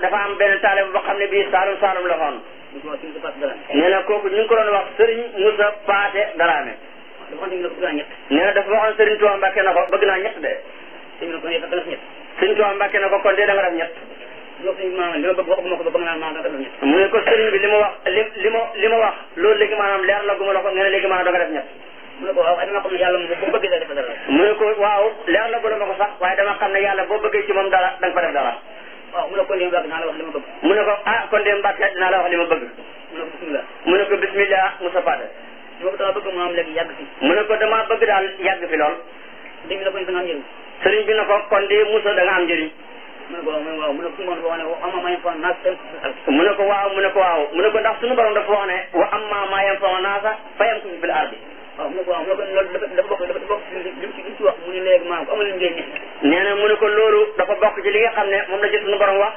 dafa am benn taalib boo xam ne bii saalum saalum la xoon nee na kooku ñu ngi ko doon wax Serigne Moussa Paate Daraame nee na dafa waxoon Serigne Touba Mbacke na ko bëgg naa ñett de Serigne Touba Mbacke na ko kon de da nga def ñett mu ne ko Serigne bi li ma wax li ma li ma wax loolu léegi maanaam leer na gu ma la ko nga ne léegi maanaam da nga def ñett mu ne ko waaw dama xam ne ne ko waaw leer la ma ko sax waaye dama xam ne yàlla boo bëggee ci moom dara da nga fa def dara waaw mu ne ko kon de Mbacke dinaa la wax li ma bëgg. mu ne ko ah kon de Mbacke dinaa la wax li ma bëgg. mu ne ko bisimilah. mu ne ko bisimilah Moussa Fade. mu ne ko damaa bëgg mu am léegi yàgg fi. mu ne ko damaa bëgg daal yàgg fi lool. sëriñ bi ne ko da nga am njëriñ. sëriñ bi ne ko kon de Moussa da nga am njëriñ. mu ne ko waaw mu ne ko mu ne ko waaw mu ne ko waaw mu ne ko ndax suñu borom dafa wax ne wa amma ma yanfa'u naasa fa yamkutu fil ardi waaw mu ne ko waaw mu ne ko loolu dafa bokk dafa bokk li mu ci wax mu ne léegi maa ko amal njëriñ nee na ko loolu dafa bokk ji li nga xam ne moom la ci suñu borom wax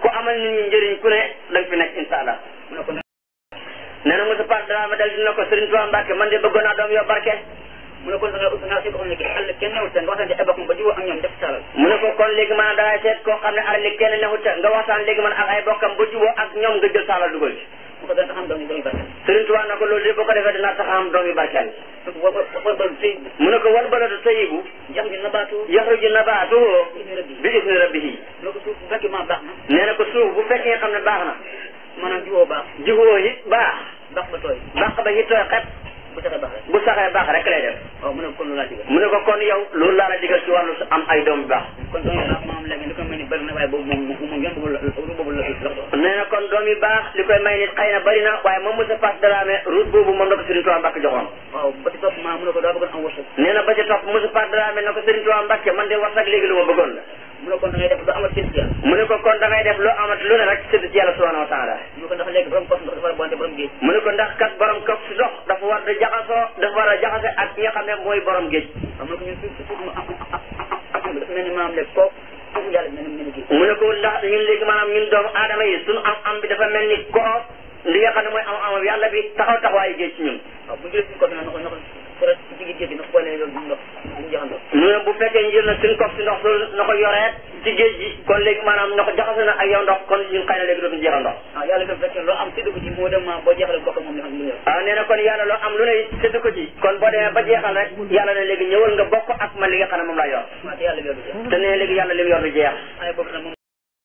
ku amal nit ñi njëriñ ku ne danga fi nekk incha allah. a na Moussa Fall damaa ma dal dina ko Serigne ne kon da nga ut naa si boo xam ne àll kenn ay bokk ba jiwoo ñoom def ko kon nga waxtaan léegi man ak ay bokkam ba jiwoo ak ñoom nga jël sala dugal ne ko loolu yëpp boo ko defee dinaa a am doom yu barkeel. mu ne ko wal baladu tayyibu. yaxruju nabaatuhu. yaxruju nabaatuhu. bi izni rabbihi. ne ko suuf bu fekkee maa baax na. nee na ko suuf xam ne baax na. maanaam jiwoo baax. baax. ba tooy. baax ba it tooy xet. bu saxee baax rek lay def. waaw mu ne ko kon loolu yow loolu laa la digal ci wàllu am ay doom yu baax. kon doom doom yu baax li koy may nit xëy na bari na waaye moom Moussa Fass Dramé route boobu moom la ko Serigne Touba Mbacke mu ne ko kon da ngay def lu amat ci yàlla. mu ne ko kon da ngay def lu amat lu ne rek sëdd ci yàlla subhanahu wa taala. mu ne ko ndax léegi borom kof ndox dafa a dafa war a jaxasoo dafa war a jaxase ak ñi nga borom géej. xam nga ñun suuf suuf mu am am am dafa mel ni maam lépp kooku mu ne ko ndax ñun léegi maanaam ñun doomu aadama yi suñu am am bi dafa mel ni koo li nga xam ne mooy am am yàlla bi taxaw taxawaayu géej ci ñun mu euh, ne bu fekkee njël na suñ kof si ndox su na ko yoreet ci géej kon léegi maanaam na ko jaxase ak yow ndox kon ñun xëy na léegi dootuñu jeexal ndox ah am séddu ko ci moo dem boo jeexalee bokk moom ñu xam lu ah nee na kon yàlla loo am lu ne séddu ko ci kon boo demee ba jeexal rek yàlla ne léegi ñëwal nga bokk ak man li nga xam ne moom laa yor ah, te nee léegi yàlla li yor du jeex